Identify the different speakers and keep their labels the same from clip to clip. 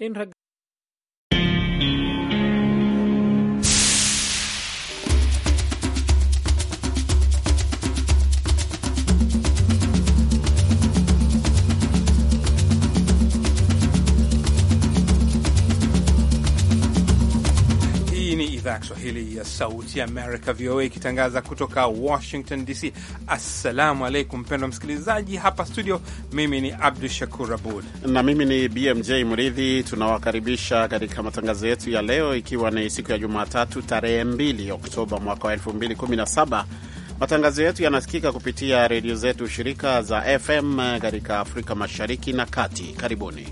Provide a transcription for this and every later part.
Speaker 1: In
Speaker 2: idhaa ya Kiswahili ya Sauti ya Amerika, VOA, ikitangaza kutoka Washington DC. Assalamu alaikum, mpendwa msikilizaji. Hapa studio, mimi ni Abdu Shakur Abud
Speaker 3: na mimi ni BMJ Mridhi. Tunawakaribisha katika matangazo yetu ya leo, ikiwa ni siku ya Jumatatu tarehe 2 Oktoba mwaka wa 2017. Matangazo yetu yanasikika kupitia redio zetu shirika za FM katika Afrika Mashariki na Kati. Karibuni.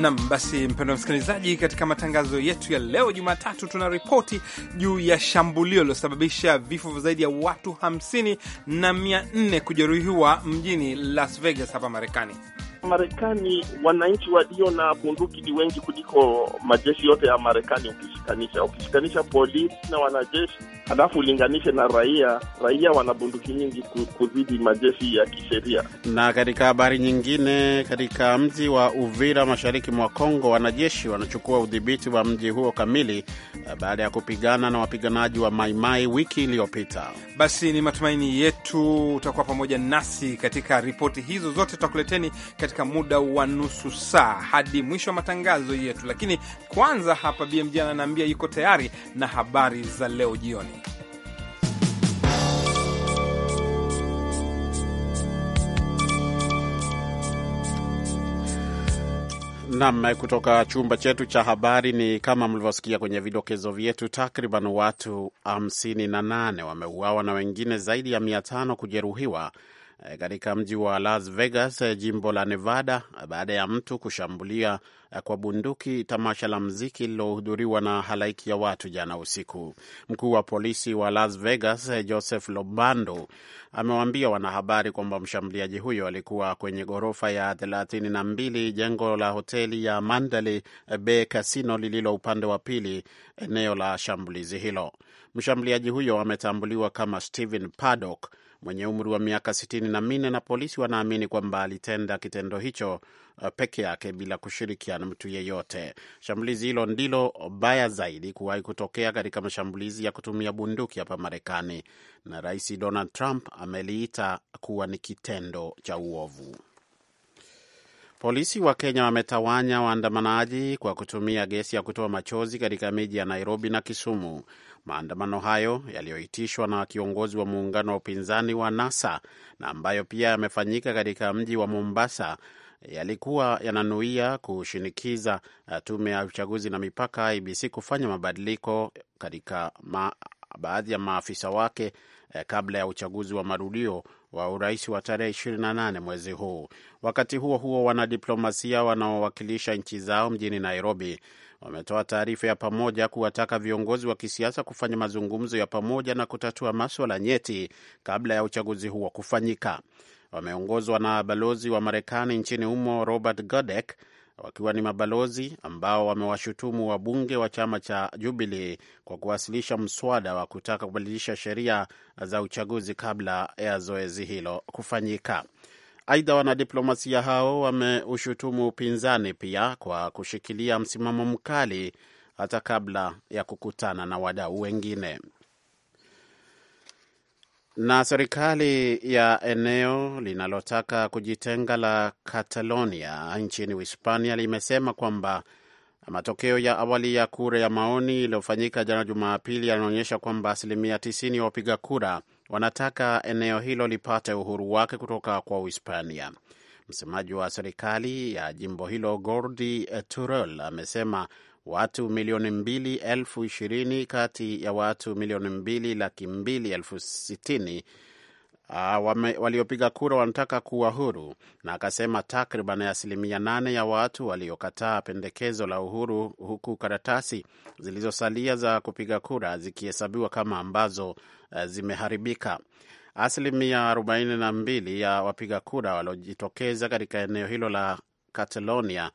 Speaker 2: Nam basi, mpendo msikilizaji, katika matangazo yetu ya leo Jumatatu tuna ripoti juu ya shambulio lilosababisha vifo zaidi ya watu 50 na 400 kujeruhiwa mjini Las Vegas hapa Marekani.
Speaker 4: Marekani wananchi walio na bunduki ni wengi kuliko majeshi yote ya Marekani ukishikanisha ukishikanisha polisi na wanajeshi halafu ulinganishe na raia. Raia wana bunduki nyingi kuzidi majeshi ya kisheria.
Speaker 3: Na katika habari nyingine, katika mji wa Uvira mashariki mwa Kongo, wanajeshi wanachukua udhibiti wa mji huo kamili eh, baada ya kupigana na wapiganaji wa Maimai wiki iliyopita.
Speaker 2: Basi ni matumaini yetu utakuwa pamoja nasi katika ripoti hizo zote tutakuleteni katika muda wa nusu saa hadi mwisho wa matangazo yetu, lakini kwanza hapa BMJ ananiambia yuko tayari na habari za leo jioni.
Speaker 3: Nam, kutoka chumba chetu cha habari. Ni kama mlivyosikia kwenye vidokezo vyetu, takriban watu 58 wameuawa na wengine zaidi ya 500 kujeruhiwa Eh, katika mji wa Las Vegas, eh, jimbo la Nevada, eh, baada ya mtu kushambulia kwa bunduki tamasha la mziki lililohudhuriwa na halaiki ya watu jana usiku. Mkuu wa polisi wa Las Vegas, Joseph Lobando, amewaambia wanahabari kwamba mshambuliaji huyo alikuwa kwenye ghorofa ya 32 jengo la hoteli ya Mandalay Bay Casino lililo upande wa pili eneo la shambulizi hilo. Mshambuliaji huyo ametambuliwa kama Stephen Paddock mwenye umri wa miaka sitini na minne na polisi wanaamini kwamba alitenda kitendo hicho uh, peke yake bila kushirikiana mtu yeyote. Shambulizi hilo ndilo baya zaidi kuwahi kutokea katika mashambulizi ya kutumia bunduki hapa Marekani, na Rais Donald Trump ameliita kuwa ni kitendo cha uovu. Polisi wa Kenya wametawanya waandamanaji kwa kutumia gesi ya kutoa machozi katika miji ya Nairobi na Kisumu. Maandamano hayo yaliyoitishwa na kiongozi wa muungano wa upinzani wa NASA na ambayo pia yamefanyika katika mji wa Mombasa yalikuwa yananuia kushinikiza eh, tume ya uchaguzi na mipaka IBC kufanya mabadiliko katika ma, baadhi ya maafisa wake eh, kabla ya uchaguzi wa marudio wa urais wa tarehe 28 mwezi huu. Wakati huo huo, wanadiplomasia wanaowakilisha nchi zao mjini Nairobi wametoa taarifa ya pamoja kuwataka viongozi wa kisiasa kufanya mazungumzo ya pamoja na kutatua maswala nyeti kabla ya uchaguzi huo kufanyika. Wameongozwa na balozi wa Marekani nchini humo Robert Godek, wakiwa ni mabalozi ambao wamewashutumu wabunge wa chama cha Jubilee kwa kuwasilisha mswada wa kutaka kubadilisha sheria za uchaguzi kabla ya zoezi hilo kufanyika. Aidha, wanadiplomasia hao wameushutumu upinzani pia kwa kushikilia msimamo mkali hata kabla ya kukutana na wadau wengine. Na serikali ya eneo linalotaka kujitenga la Catalonia nchini Uhispania limesema kwamba matokeo ya awali ya kura ya maoni iliyofanyika jana Jumapili yanaonyesha kwamba asilimia 90 ya wapiga kura wanataka eneo hilo lipate uhuru wake kutoka kwa Uhispania. Msemaji wa serikali ya jimbo hilo Gordi Turel amesema watu milioni mbili elfu ishirini kati ya watu milioni mbili laki mbili elfu sitini uh, waliopiga kura wanataka kuwa huru, na akasema takriban asilimia nane ya watu waliokataa pendekezo la uhuru, huku karatasi zilizosalia za kupiga kura zikihesabiwa kama ambazo uh, zimeharibika. Asilimia 42 ya wapiga kura waliojitokeza katika eneo hilo la Catalonia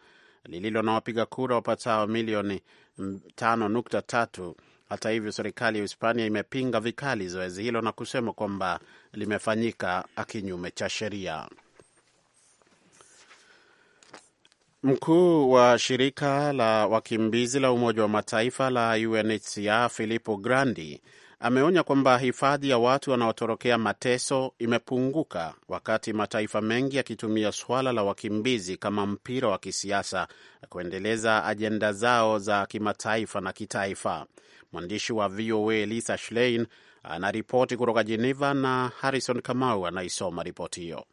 Speaker 3: lililo na wapiga kura wapatao milioni 5.3 mm, hata hivyo, serikali ya Hispania imepinga vikali zoezi hilo na kusema kwamba limefanyika kinyume cha sheria. Mkuu wa shirika la wakimbizi la Umoja wa Mataifa la UNHCR Filippo Grandi ameonya kwamba hifadhi ya watu wanaotorokea mateso imepunguka wakati mataifa mengi yakitumia suala la wakimbizi kama mpira wa kisiasa kuendeleza ajenda zao za kimataifa na kitaifa. Mwandishi wa VOA Lisa Schlein anaripoti kutoka Jeneva na Harrison Kamau anaisoma ripoti hiyo.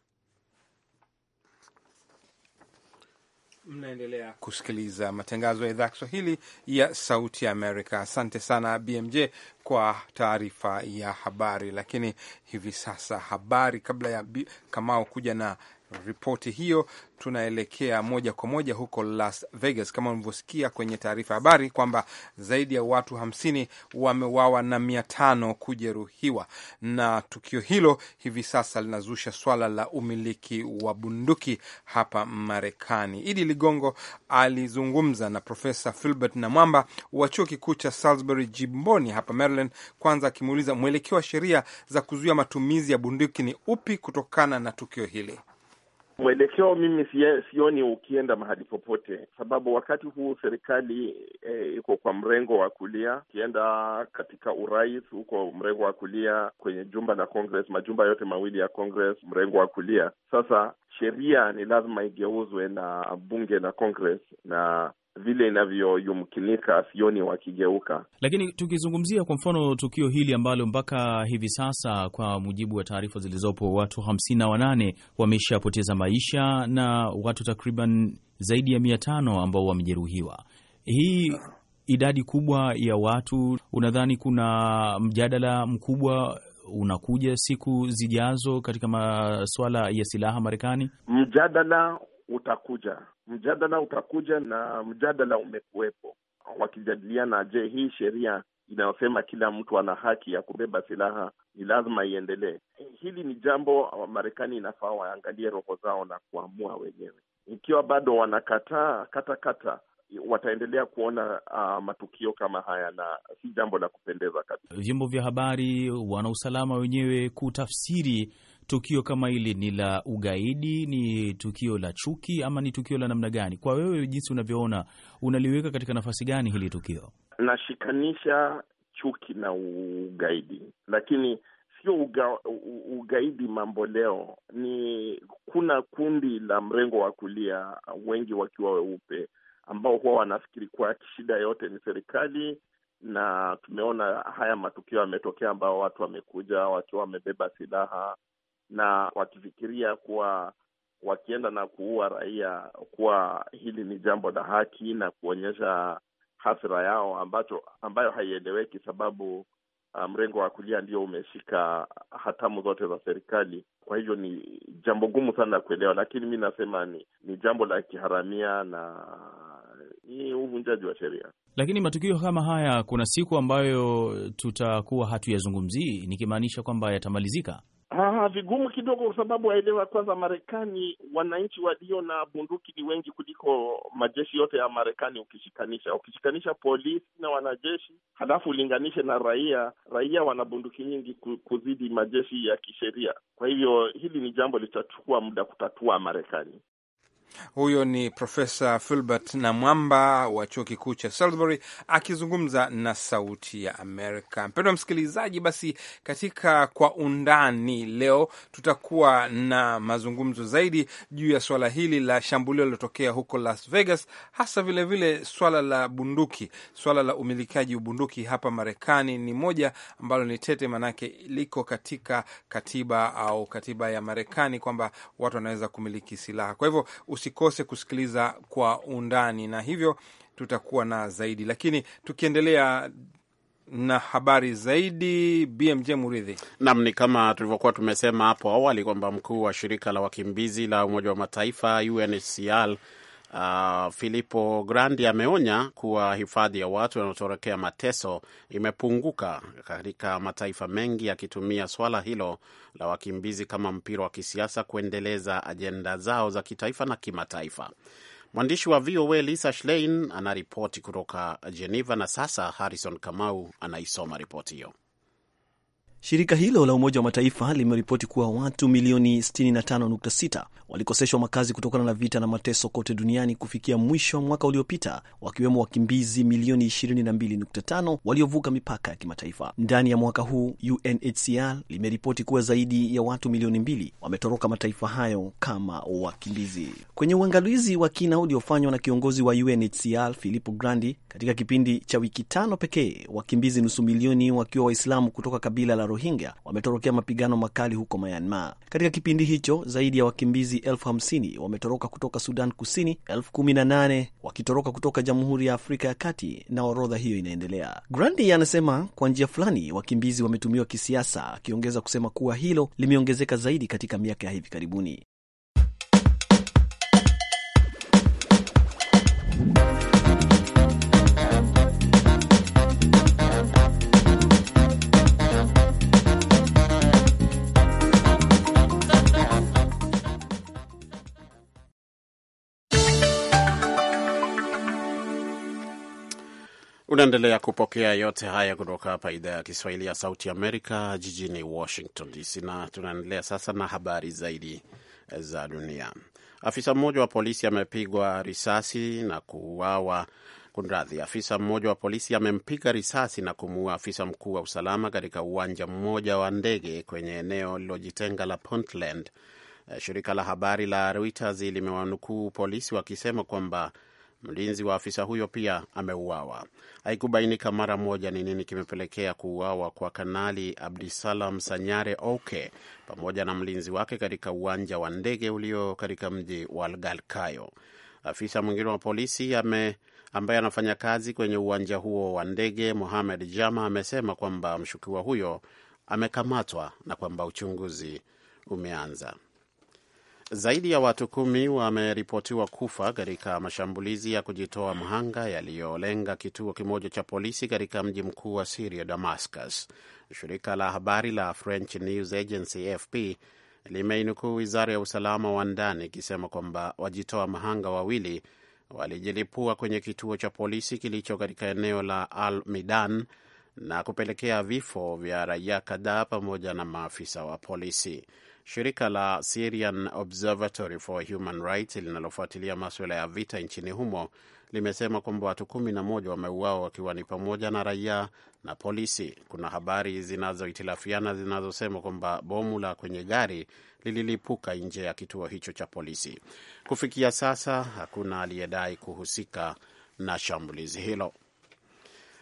Speaker 2: Mnaendelea kusikiliza matangazo ya idhaa ya Kiswahili ya Sauti ya Amerika. Asante sana BMJ kwa taarifa ya habari. Lakini hivi sasa habari kabla ya Kamao kuja na ripoti hiyo, tunaelekea moja kwa moja huko Las Vegas. Kama ulivyosikia kwenye taarifa habari kwamba zaidi ya watu hamsini wamewawa na mia tano kujeruhiwa, na tukio hilo hivi sasa linazusha swala la umiliki wa bunduki hapa Marekani. Idi Ligongo alizungumza na Profesa Filbert Namwamba wa chuo kikuu cha Salisbury jimboni hapa Maryland, kwanza akimuuliza mwelekeo wa sheria za kuzuia matumizi ya bunduki ni upi kutokana na tukio hili.
Speaker 4: Mwelekeo mimi sioni ukienda mahali popote, sababu wakati huu serikali e, iko kwa mrengo wa kulia. Ukienda katika urais huko mrengo wa kulia, kwenye jumba la Congress, majumba yote mawili ya Congress mrengo wa kulia. Sasa sheria ni lazima igeuzwe na bunge la Congress na vile inavyoyumkinika sioni wakigeuka.
Speaker 5: Lakini tukizungumzia kwa mfano tukio hili ambalo mpaka hivi sasa kwa mujibu wa taarifa zilizopo watu hamsini na wanane wameshapoteza maisha na watu takriban zaidi ya mia tano ambao wamejeruhiwa, hii idadi kubwa ya watu, unadhani kuna mjadala mkubwa unakuja siku zijazo katika masuala ya silaha Marekani?
Speaker 4: Mjadala utakuja, mjadala utakuja, na mjadala umekuwepo, wakijadiliana, je, hii sheria inayosema kila mtu ana haki ya kubeba silaha ni lazima iendelee. Hili ni jambo Marekani inafaa waangalie roho zao na kuamua wenyewe. Ikiwa bado wanakataa katakata, wataendelea kuona uh, matukio kama haya, na si jambo la kupendeza kabisa.
Speaker 5: Vyombo vya habari, wanausalama wenyewe kutafsiri tukio kama hili ni la ugaidi, ni tukio la chuki, ama ni tukio la namna gani? Kwa wewe jinsi unavyoona, unaliweka katika nafasi gani hili tukio?
Speaker 4: Nashikanisha chuki na ugaidi, lakini sio uga, ugaidi mambo leo. Ni kuna kundi la mrengo wa kulia, wengi wakiwa weupe, ambao huwa wanafikiri kuwa shida yote ni serikali na tumeona haya matukio yametokea, ambao watu wamekuja wakiwa wamebeba silaha na wakifikiria kuwa wakienda na kuua raia kuwa hili ni jambo la haki na kuonyesha hasira yao ambacho ambayo haieleweki, sababu ah, mrengo um, wa kulia ndio umeshika hatamu zote za serikali. Kwa hivyo ni jambo gumu sana ya kuelewa, lakini mi nasema ni, ni jambo la kiharamia na ni uvunjaji wa sheria.
Speaker 5: Lakini matukio kama haya kuna siku ambayo tutakuwa hatuyazungumzii, nikimaanisha kwamba yatamalizika
Speaker 4: vigumu kidogo, kwa sababu waelewa kwanza, Marekani wananchi walio na bunduki ni wengi kuliko majeshi yote ya Marekani ukishikanisha ukishikanisha polisi na wanajeshi, halafu ulinganishe na raia. Raia wana bunduki nyingi kuzidi majeshi ya kisheria. Kwa hivyo hili ni jambo litachukua muda kutatua Marekani.
Speaker 2: Huyo ni Profesa Fulbert Namwamba wa chuo kikuu cha Salisbury akizungumza na Sauti ya Amerika. Mpendwa msikilizaji, basi katika Kwa Undani leo tutakuwa na mazungumzo zaidi juu ya swala hili la shambulio lilotokea huko Las Vegas, hasa vilevile vile swala la bunduki. Swala la umilikaji bunduki hapa Marekani ni moja ambalo ni tete, manake liko katika katiba au katiba ya Marekani kwamba watu wanaweza kumiliki silaha, kwa hivyo usikose kusikiliza kwa undani, na hivyo tutakuwa na zaidi. Lakini tukiendelea na habari
Speaker 3: zaidi, BMJ Muridhi. Naam, ni kama tulivyokuwa tumesema hapo awali kwamba mkuu wa shirika la wakimbizi la Umoja wa Mataifa UNHCR Uh, Grandi ameonya kuwa hifadhi ya watu wanaotorokea mateso imepunguka katika mataifa mengi yakitumia swala hilo la wakimbizi kama mpira wa kisiasa kuendeleza ajenda zao za kitaifa na kimataifa. Mwandishi wa VOA Lisa Schlein anaripoti kutoka Geneva na sasa Harrison Kamau anaisoma ripoti hiyo.
Speaker 5: Shirika hilo la Umoja wa Mataifa limeripoti kuwa watu milioni 65.6 walikoseshwa makazi kutokana na vita na mateso kote duniani kufikia mwisho wa mwaka uliopita, wakiwemo wakimbizi milioni 22.5 waliovuka mipaka ya kimataifa. Ndani ya mwaka huu, UNHCR limeripoti kuwa zaidi ya watu milioni mbili wametoroka mataifa hayo kama wakimbizi. Kwenye uangalizi wa kina uliofanywa na kiongozi wa UNHCR Filippo Grandi katika kipindi cha wiki tano pekee, wakimbizi nusu milioni wakiwa Waislamu kutoka kabila la Rohingya wametorokea mapigano makali huko Myanmar. Katika kipindi hicho zaidi ya wakimbizi elfu hamsini wametoroka kutoka Sudan Kusini, elfu kumi na nane wakitoroka kutoka Jamhuri ya Afrika ya Kati, na orodha hiyo inaendelea. Grandi anasema kwa njia fulani wakimbizi wametumiwa kisiasa, akiongeza kusema kuwa hilo limeongezeka zaidi katika miaka ya hivi karibuni.
Speaker 3: Unaendelea kupokea yote haya kutoka hapa idhaa ya Kiswahili ya Sauti Amerika jijini Washington DC, na tunaendelea sasa na habari zaidi eh, za dunia. Afisa mmoja wa polisi amepigwa risasi na kuuawa Kunradhi, afisa mmoja wa polisi amempiga risasi na kumuua afisa mkuu wa usalama katika uwanja mmoja wa ndege kwenye eneo lililojitenga la Puntland. Eh, shirika la habari la Reuters limewanukuu polisi wakisema kwamba Mlinzi wa afisa huyo pia ameuawa. Haikubainika mara moja ni nini kimepelekea kuuawa kwa Kanali Abdisalam Sanyare Oke pamoja na mlinzi wake katika uwanja wa ndege ulio katika mji wa Algalkayo. Afisa mwingine wa polisi ame ambaye anafanya kazi kwenye uwanja huo wa ndege Mohamed Jama amesema kwamba mshukiwa huyo amekamatwa na kwamba uchunguzi umeanza. Zaidi ya watu kumi wameripotiwa kufa katika mashambulizi ya kujitoa mhanga yaliyolenga kituo kimoja cha polisi katika mji mkuu wa Siria, Damascus. Shirika la habari la French News Agency FP limeinukuu wizara ya usalama wa ndani ikisema kwamba wajitoa mhanga wawili walijilipua kwenye kituo cha polisi kilicho katika eneo la Al Midan na kupelekea vifo vya raia kadhaa pamoja na maafisa wa polisi. Shirika la Syrian Observatory for Human Rights linalofuatilia maswala ya vita nchini humo limesema kwamba watu kumi na moja wameuawa wakiwa ni pamoja na raia na polisi. Kuna habari zinazohitilafiana zinazosema kwamba bomu la kwenye gari lililipuka nje ya kituo hicho cha polisi. Kufikia sasa hakuna aliyedai kuhusika na shambulizi hilo.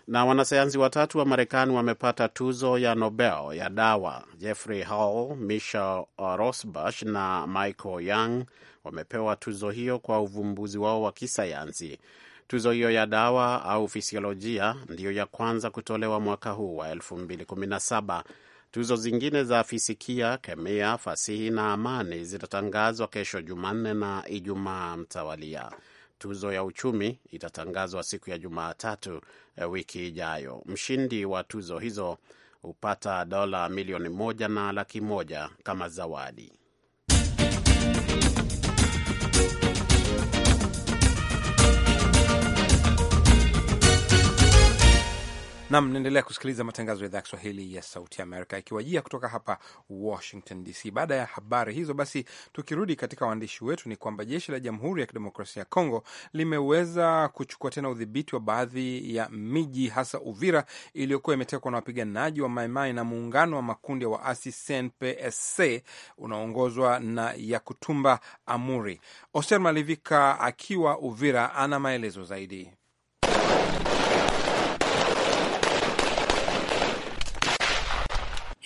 Speaker 3: Na wanasayansi watatu wa Marekani wamepata tuzo ya Nobel ya dawa. Jeffrey Hall, Michel Rosbash na Michael Young wamepewa tuzo hiyo kwa uvumbuzi wao wa kisayansi. Tuzo hiyo ya dawa au fisiolojia ndiyo ya kwanza kutolewa mwaka huu wa 2017. Tuzo zingine za fisikia, kemia, fasihi na amani zitatangazwa kesho Jumanne na Ijumaa mtawalia tuzo ya uchumi itatangazwa siku ya Jumatatu eh, wiki ijayo. Mshindi wa tuzo hizo hupata dola milioni moja na laki moja kama zawadi.
Speaker 2: nam naendelea kusikiliza matangazo ya idhaa ya Kiswahili ya Sauti Amerika ikiwajia kutoka hapa Washington DC. Baada ya habari hizo, basi tukirudi katika waandishi wetu, ni kwamba jeshi la Jamhuri ya Kidemokrasia ya Kongo limeweza kuchukua tena udhibiti wa baadhi ya miji, hasa Uvira iliyokuwa imetekwa na wapiganaji wa Maimai na muungano wa makundi ya waasi CNPSC unaoongozwa na Yakutumba Amuri. Oster Malivika akiwa Uvira ana maelezo zaidi.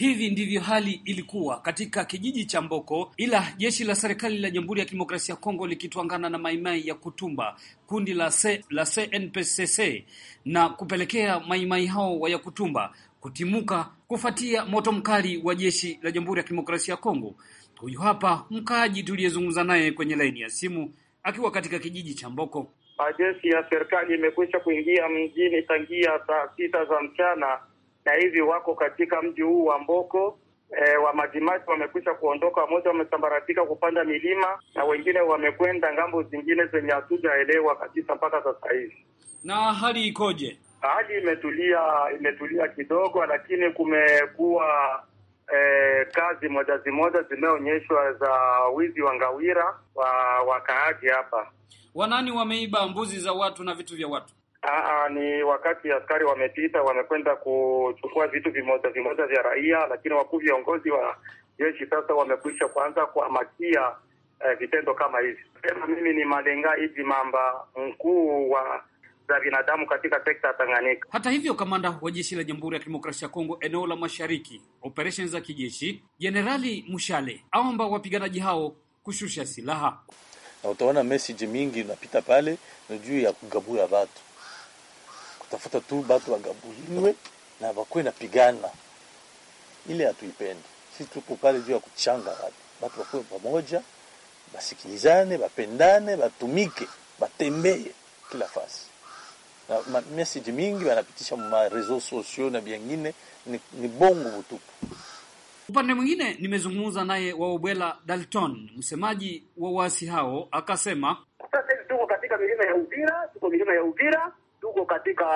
Speaker 1: Hivi ndivyo hali ilikuwa katika kijiji cha Mboko, ila jeshi la serikali la Jamhuri ya Kidemokrasia ya Kongo likitwangana na Maimai ya Kutumba, kundi la, C, la CNPCC na kupelekea Maimai hao wa ya Kutumba kutimuka kufuatia moto mkali wa jeshi la Jamhuri ya Kidemokrasia ya Kongo. Huyu hapa mkaaji tuliyezungumza naye kwenye laini ya simu akiwa katika kijiji cha Mboko.
Speaker 4: Majeshi ya serikali imekwisha kuingia mjini tangia saa sita za mchana na hivi wako katika mji huu wa Mboko. E, wa Majimaji wamekwisha kuondoka, wamoja wamesambaratika kupanda milima na wengine wamekwenda ngambo zingine zenye hatujaelewa kabisa mpaka sasa hivi.
Speaker 1: Na hali ikoje?
Speaker 4: Hali imetulia, imetulia kidogo, lakini kumekuwa e, kazi moja zimoja zimeonyeshwa za wizi wa ngawira wa wakaaji hapa.
Speaker 1: Wanani wameiba mbuzi za watu na vitu vya watu?
Speaker 4: Aa, ah, ah, ni wakati askari wamepita, wamekwenda kuchukua vitu vimoja vimoja vya raia, lakini wakuu viongozi wa jeshi sasa wamekwisha kuanza kuhamakia eh, vitendo kama hivi. Sema mimi ni Malenga hivi Mamba, mkuu wa za binadamu katika sekta ya Tanganyika.
Speaker 1: Hata hivyo, kamanda wa jeshi la Jamhuri ya Kidemokrasia ya Kongo eneo la Mashariki, operesheni za kijeshi, Jenerali Mushale aomba wapiganaji hao
Speaker 5: kushusha silaha, na utaona message mingi unapita pale juu ya kugabua watu tafuta tu batu wagabuliwe na wakuwe na pigana ile hatuipendi sisi. Tuko pale juu ya kuchanga watu, batu wakuwe pamoja, basikilizane, bapendane, batumike, batembee kila fasi na message mingi wanapitisha ma reseaux sociaux na byengine ni, ni bongo butupu.
Speaker 1: Upande mwingine nimezungumza naye Waobwela Dalton, msemaji wa waasi hao, akasema
Speaker 5: sasa hivi tuko katika milima ya Uvira, tuko milima
Speaker 1: ya Uvira huko katika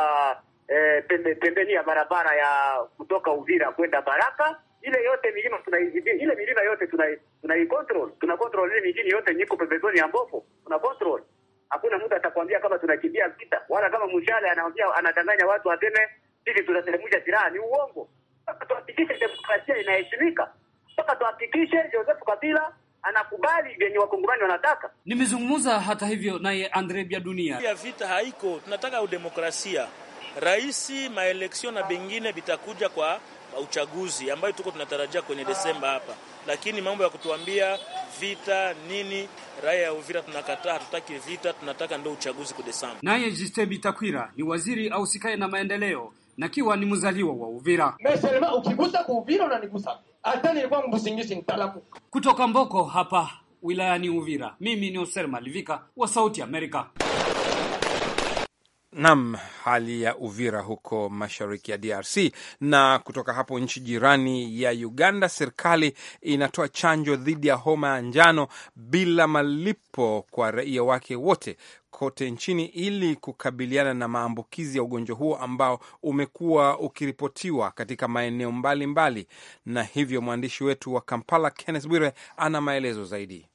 Speaker 1: eh, pembe, pembeni ya barabara ya kutoka Uvira kwenda Baraka. Ile yote milima tuna, ile milima yote tunai tuna control, tuna control ile mijini yote niko pembezoni ya Mboko, tuna control. Hakuna mtu atakwambia kama tunakimbia vita wala kama mshale anaambia anadanganya watu aseme sisi tunaselemusha silaha, ni uongo. Mpaka tuhakikishe demokrasia inaheshimika, mpaka tuhakikishe Joseph Kabila anakubali vyenye wakongomani wanataka. Nimezungumza hata hivyo naye Andre Bia Dunia,
Speaker 5: ya vita haiko, tunataka udemokrasia, raisi maeleksio na bengine vitakuja kwa uchaguzi ambayo tuko tunatarajia kwenye Desemba hapa, lakini mambo ya kutuambia vita nini, raia ya Uvira tunakataa, hatutaki vita, tunataka ndio uchaguzi kwa Desemba. Naye
Speaker 1: Jistebi Takwira ni waziri ausikae na maendeleo, nakiwa ni mzaliwa wa Uvira. Mimi
Speaker 2: ukigusa kwa Uvira unanigusa
Speaker 1: hata nilikuwa
Speaker 2: mbusingishi nitalamuka.
Speaker 1: Kutoka Mboko hapa wilayani Uvira, mimi ni Oser Malivika wa Sauti Amerika.
Speaker 2: Nam, hali ya Uvira huko mashariki ya DRC. Na kutoka hapo nchi jirani ya Uganda, serikali inatoa chanjo dhidi ya homa ya njano bila malipo kwa raia wake wote kote nchini ili kukabiliana na maambukizi ya ugonjwa huo ambao umekuwa ukiripotiwa katika maeneo mbalimbali. Na hivyo mwandishi wetu wa Kampala, Kenneth Bwire, ana maelezo zaidi.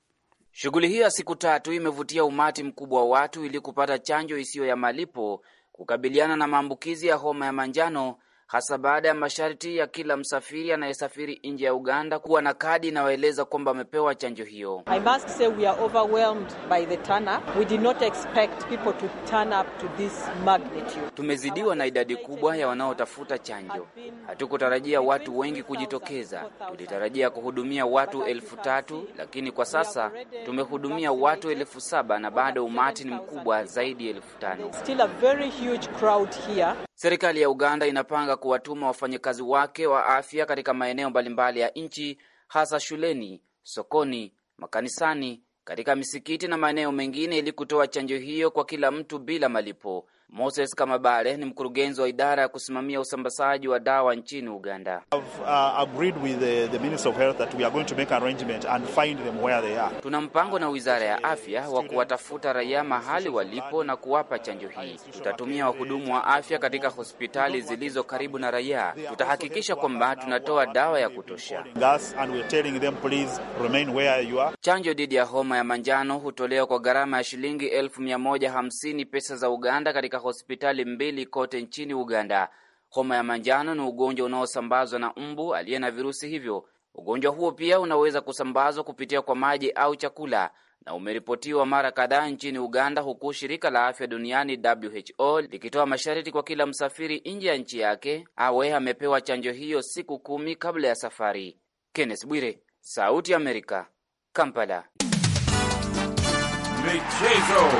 Speaker 2: Shughuli hiyo
Speaker 6: ya siku tatu imevutia umati mkubwa wa watu ili kupata chanjo isiyo ya malipo kukabiliana na maambukizi ya homa ya manjano hasa baada ya masharti ya kila msafiri anayesafiri nje ya Uganda kuwa na kadi inayoeleza kwamba amepewa chanjo hiyo. Tumezidiwa na idadi kubwa ya wanaotafuta chanjo. Hatukutarajia watu wengi kujitokeza. Tulitarajia kuhudumia watu elfu tatu lakini kwa sasa tumehudumia watu elfu saba na bado umati ni mkubwa zaidi ya elfu tano. Serikali ya Uganda inapanga kuwatuma wafanyakazi wake wa afya katika maeneo mbalimbali ya nchi, hasa shuleni, sokoni, makanisani, katika misikiti na maeneo mengine, ili kutoa chanjo hiyo kwa kila mtu bila malipo. Moses Kamabale ni mkurugenzi wa idara ya kusimamia usambazaji wa dawa nchini Uganda.
Speaker 7: Uh,
Speaker 6: Tuna mpango na wizara ya afya wa kuwatafuta raia mahali walipo na kuwapa chanjo hii. Tutatumia wahudumu wa afya katika hospitali zilizo karibu na raia. Tutahakikisha kwamba tunatoa dawa ya kutosha. Chanjo dhidi ya homa ya manjano hutolewa kwa gharama ya shilingi elfu mia moja hamsini pesa za Uganda katika hospitali mbili kote nchini Uganda. Homa ya manjano ni ugonjwa unaosambazwa na mbu aliye na virusi hivyo. Ugonjwa huo pia unaweza kusambazwa kupitia kwa maji au chakula na umeripotiwa mara kadhaa nchini Uganda, huku shirika la afya duniani WHO likitoa masharti kwa kila msafiri nje ya nchi yake awe amepewa chanjo hiyo siku kumi kabla ya safari. Kenneth Bwire, Sauti ya Amerika, Kampala. Michezo.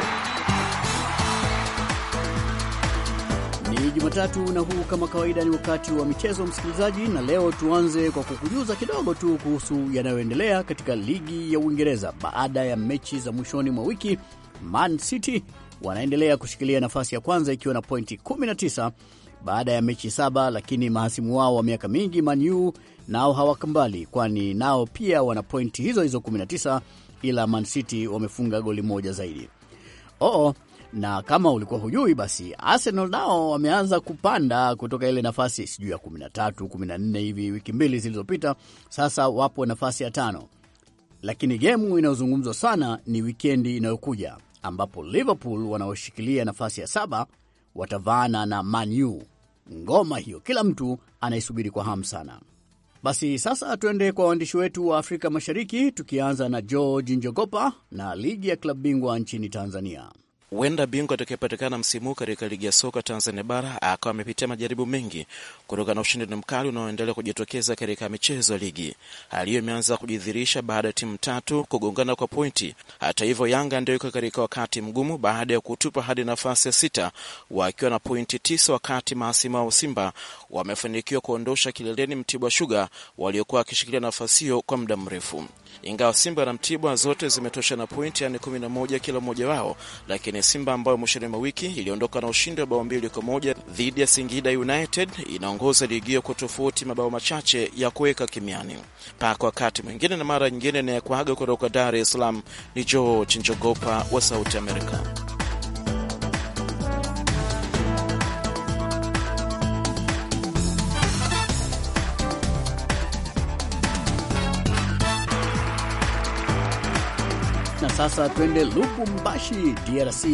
Speaker 8: ni Jumatatu na huu kama kawaida ni wakati wa michezo, msikilizaji, na leo tuanze kwa kukujuza kidogo tu kuhusu yanayoendelea katika ligi ya Uingereza baada ya mechi za mwishoni mwa wiki. Man City wanaendelea kushikilia nafasi ya kwanza ikiwa na pointi 19 baada ya mechi saba, lakini mahasimu wao wa miaka mingi Manu nao hawakambali, kwani nao pia wana pointi hizo hizo 19, ila Man City wamefunga goli moja zaidi. Oo, oh, na kama ulikuwa hujui, basi Arsenal nao wameanza kupanda kutoka ile nafasi sijui ya 13 14 hivi wiki mbili zilizopita, sasa wapo nafasi ya tano. Lakini gemu inayozungumzwa sana ni wikendi inayokuja ambapo Liverpool wanaoshikilia nafasi ya saba watavaana na Man U. Ngoma hiyo kila mtu anaisubiri kwa hamu sana. Basi sasa tuende kwa waandishi wetu wa Afrika Mashariki, tukianza na George Njogopa na ligi ya klabu bingwa nchini Tanzania
Speaker 3: huenda bingwa atakayepatikana msimu huu katika ligi ya soka Tanzania bara akawa amepitia majaribu mengi kutokana na ushindani mkali unaoendelea kujitokeza katika michezo ya ligi. Hali hiyo imeanza kujidhihirisha baada ya timu tatu kugongana kwa pointi. Hata hivyo, Yanga ndio iko katika wakati mgumu baada ya kutupa hadi nafasi ya sita wakiwa na pointi tisa, wakati mahasimu wao Simba wamefanikiwa kuondosha kileleni
Speaker 5: Mtibwa Sugar waliokuwa wakishikilia nafasi hiyo kwa muda mrefu. Ingawa Simba na Mtibwa zote zimetosha na pointi yani 11 kila mmoja wao, lakini Simba ambayo mwishoni mwa wiki iliondoka na ushindi wa bao mbili kwa moja dhidi ya Singida United inaongoza ligi hiyo kwa tofauti mabao machache ya kuweka kimiani. Mpaka wakati mwingine na mara nyingine, inayekuaga kutoka Dar es
Speaker 3: Salaam ni George Njogopa wa Sauti Amerika.
Speaker 8: sasa twende Lubumbashi, DRC,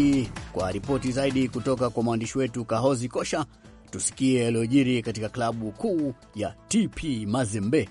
Speaker 8: kwa ripoti zaidi kutoka kwa mwandishi wetu Kahozi Kosha. Tusikie yaliyojiri katika klabu kuu ya TP Mazembe.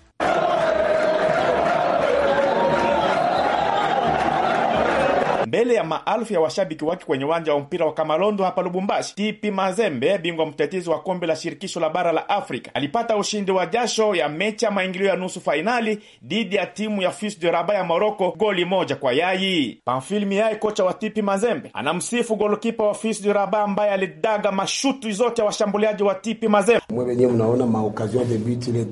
Speaker 7: mbele ya maalfu ya washabiki wake kwenye uwanja wa mpira wa Kamalondo hapa Lubumbashi. TP Mazembe, bingwa mtetezi wa kombe la shirikisho la bara la Afrika, alipata ushindi wa jasho ya mechi ya maingilio ya nusu fainali dhidi ya timu ya Fis de Rabat ya Moroko, goli moja kwa yai. pamfilmi Miai, kocha wa TP Mazembe, anamsifu golokipa wa Fis de Rabat ambaye alidaga mashutu zote ya washambuliaji wa TP Mazembe. Mwe wenyewe mnaona maokazion de but ile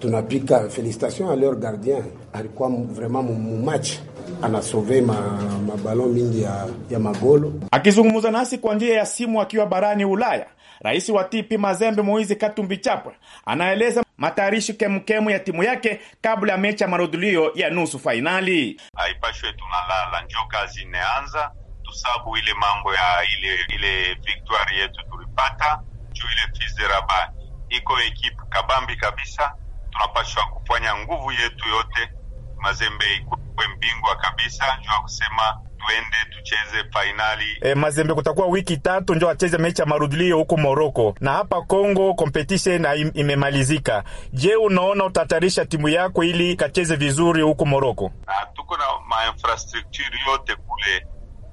Speaker 7: tunapika, tuna felicitation a leur gardien, alikuwa vraiment mumachi anasove mabalo ma mingi ya, ya magolo. Akizungumza nasi kwa njia ya simu akiwa barani Ulaya, rais wa TP Mazembe Moizi Katumbi Chapwe anaeleza matayarishi kemkemu ya timu yake kabla ya mechi ya marudhulio ya nusu fainali. Haipashwe tunalala, njo kazi inaanza tusabu ile mambo ya ile ile victoire yetu tulipata juu ile fizeraba iko ekipu kabambi kabisa, tunapashwa kufanya nguvu yetu yote Mazembe iku akuwe mbingwa kabisa, njo akusema tuende tucheze fainali e, eh, Mazembe. Kutakuwa wiki tatu njo acheze mechi ya marudilio huko Moroko, na hapa Kongo competition imemalizika. Je, unaona utatarisha timu yako ili kacheze vizuri huko Moroko? Tuko na mainfrastructure yote kule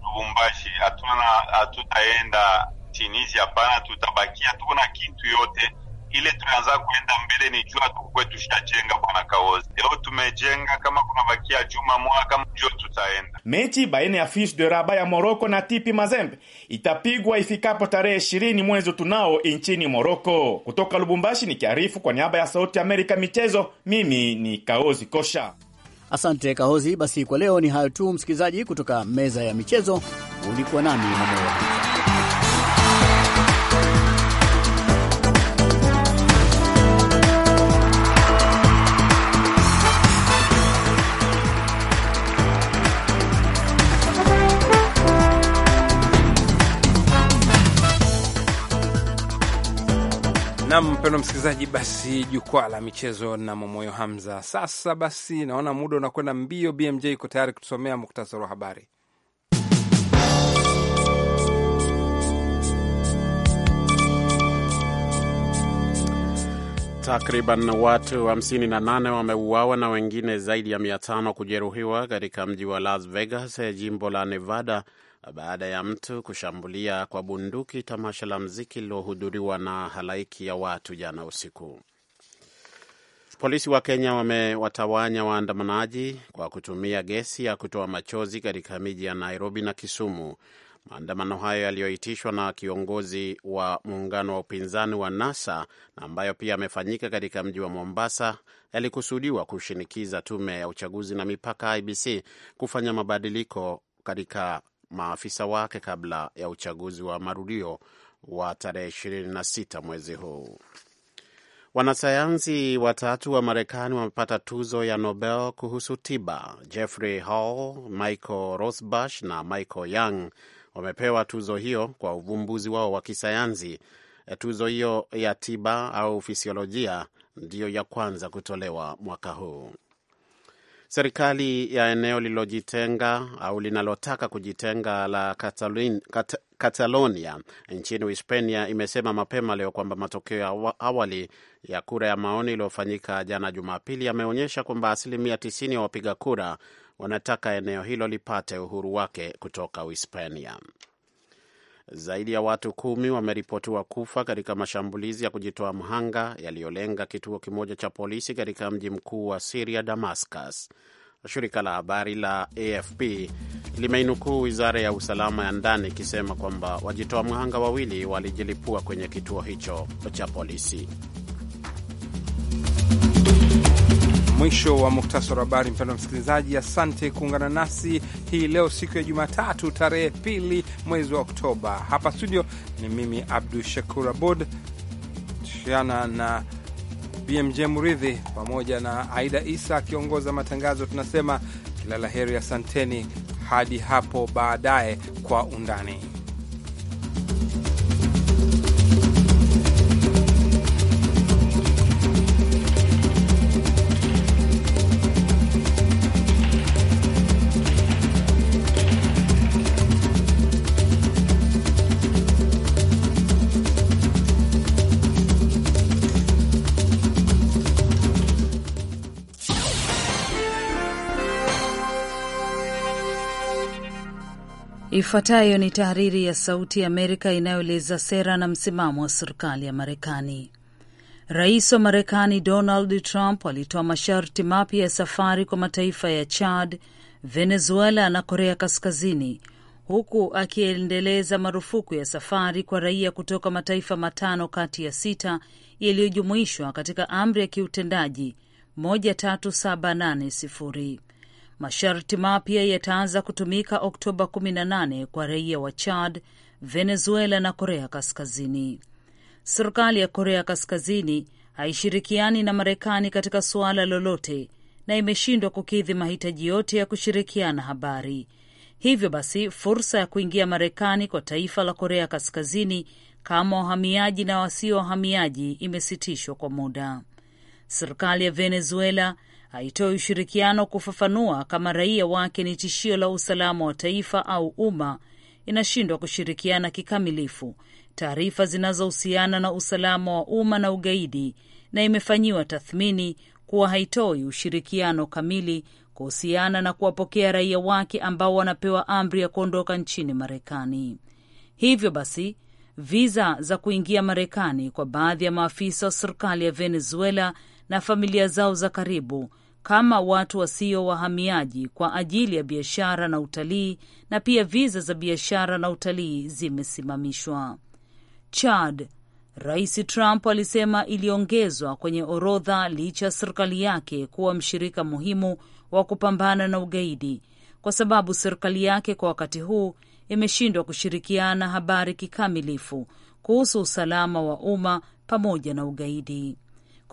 Speaker 7: Lubumbashi, hatuna hatutaenda Tunisia, hapana, tutabakia tuko na kitu yote ile tunaanza kuenda mbele, ni jua tukwe tushajenga bwana Kaozi. Leo tumejenga, kama kunabakia juma mwaka mjua tutaenda. Mechi baina ya Fish de raba ya Moroko na Tipi Mazembe itapigwa ifikapo tarehe ishirini mwezi tunao nchini Moroko. Kutoka Lubumbashi nikiarifu kwa niaba ya Sauti
Speaker 8: Amerika michezo, mimi ni Kaozi Kosha. Asante kaozi Basi kwa leo ni hayo tu, msikilizaji. Kutoka meza ya michezo ulikuwa nami Mamoa.
Speaker 2: Nam mpendo msikilizaji, basi jukwaa la michezo na Momoyo Hamza. Sasa basi, naona muda unakwenda mbio. BMJ iko tayari kutusomea muktasari wa habari. Takriban
Speaker 3: watu 58 wameuawa na wengine zaidi ya 500 kujeruhiwa katika mji wa Las Vegas, jimbo la Nevada, baada ya mtu kushambulia kwa bunduki tamasha la mziki lililohudhuriwa na halaiki ya watu jana usiku. Polisi wa Kenya wamewatawanya waandamanaji kwa kutumia gesi ya kutoa machozi katika miji ya Nairobi na Kisumu. Maandamano hayo yaliyoitishwa na kiongozi wa muungano wa upinzani wa NASA na ambayo pia yamefanyika katika mji wa Mombasa yalikusudiwa kushinikiza tume ya uchaguzi na mipaka IBC kufanya mabadiliko katika maafisa wake kabla ya uchaguzi wa marudio wa tarehe 26 mwezi huu. Wanasayansi watatu wa Marekani wamepata tuzo ya Nobel kuhusu tiba. Jeffrey Hall, Michael Rosbash na Michael Young wamepewa tuzo hiyo kwa uvumbuzi wao wa kisayansi. Tuzo hiyo ya tiba au fisiolojia ndiyo ya kwanza kutolewa mwaka huu. Serikali ya eneo lililojitenga au linalotaka kujitenga la Katalin, Kat, Catalonia nchini Hispania imesema mapema leo kwamba matokeo ya awali ya kura ya maoni iliyofanyika jana Jumapili yameonyesha kwamba asilimia 90 ya wapiga kura wanataka eneo hilo lipate uhuru wake kutoka Uhispania. Zaidi ya watu kumi wameripotiwa kufa katika mashambulizi ya kujitoa mhanga yaliyolenga kituo kimoja cha polisi katika mji mkuu wa Siria, Damascus. Shirika la habari la AFP limeinukuu wizara ya usalama ya ndani ikisema kwamba wajitoa mhanga wawili walijilipua kwenye kituo hicho cha polisi.
Speaker 2: Mwisho wa muktasari wa habari. Mpendwa msikilizaji, asante kuungana nasi hii leo, siku ya Jumatatu tarehe pili mwezi wa Oktoba. Hapa studio ni mimi Abdu Shakur Abud shiana na BMJ Muridhi pamoja na Aida Isa akiongoza matangazo. Tunasema kila la heri, asanteni hadi hapo baadaye kwa undani.
Speaker 9: Ifuatayo ni tahariri ya Sauti ya Amerika inayoeleza sera na msimamo wa serikali ya Marekani. Rais wa Marekani Donald Trump alitoa masharti mapya ya safari kwa mataifa ya Chad, Venezuela na Korea Kaskazini, huku akiendeleza marufuku ya safari kwa raia kutoka mataifa matano kati ya sita yaliyojumuishwa katika amri ya kiutendaji 13780 Masharti mapya yataanza kutumika Oktoba 18 kwa raia wa Chad, Venezuela na Korea Kaskazini. Serikali ya Korea Kaskazini haishirikiani na Marekani katika suala lolote na imeshindwa kukidhi mahitaji yote ya kushirikiana habari. Hivyo basi, fursa ya kuingia Marekani kwa taifa la Korea Kaskazini kama wahamiaji na wasio wahamiaji imesitishwa kwa muda. Serikali ya Venezuela haitoi ushirikiano kufafanua kama raia wake ni tishio la usalama wa taifa au umma, inashindwa kushirikiana kikamilifu taarifa zinazohusiana na usalama wa umma na ugaidi, na imefanyiwa tathmini kuwa haitoi ushirikiano kamili kuhusiana na kuwapokea raia wake ambao wanapewa amri ya kuondoka nchini Marekani. Hivyo basi viza za kuingia Marekani kwa baadhi ya maafisa wa serikali ya Venezuela na familia zao za karibu kama watu wasio wahamiaji kwa ajili ya biashara na utalii, na pia viza za biashara na utalii zimesimamishwa. Chad, Rais Trump alisema iliongezwa kwenye orodha licha ya serikali yake kuwa mshirika muhimu wa kupambana na ugaidi, kwa sababu serikali yake kwa wakati huu imeshindwa kushirikiana habari kikamilifu kuhusu usalama wa umma pamoja na ugaidi.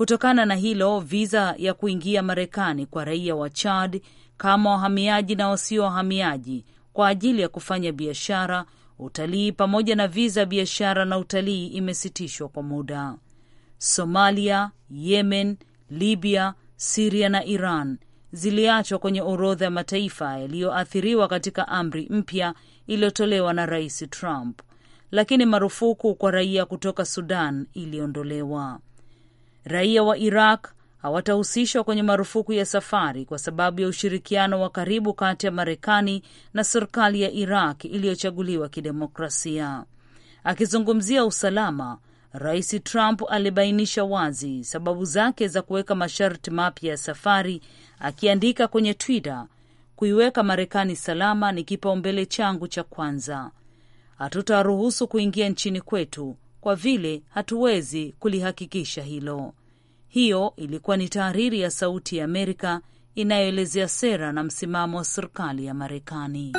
Speaker 9: Kutokana na hilo, viza ya kuingia Marekani kwa raia wa Chad kama wahamiaji na wasio wahamiaji kwa ajili ya kufanya biashara, utalii pamoja na viza ya biashara na utalii imesitishwa kwa muda. Somalia, Yemen, Libya, Siria na Iran ziliachwa kwenye orodha ya mataifa yaliyoathiriwa katika amri mpya iliyotolewa na Rais Trump, lakini marufuku kwa raia kutoka Sudan iliondolewa. Raia wa Iraq hawatahusishwa kwenye marufuku ya safari kwa sababu ya ushirikiano wa karibu kati ya Marekani na serikali ya Iraq iliyochaguliwa kidemokrasia. Akizungumzia usalama, Rais Trump alibainisha wazi sababu zake za kuweka masharti mapya ya safari, akiandika kwenye Twitter, kuiweka Marekani salama ni kipaumbele changu cha kwanza. Hatutaruhusu kuingia nchini kwetu kwa vile hatuwezi kulihakikisha hilo. Hiyo ilikuwa ni tahariri ya Sauti ya Amerika inayoelezea sera na msimamo wa serikali ya Marekani.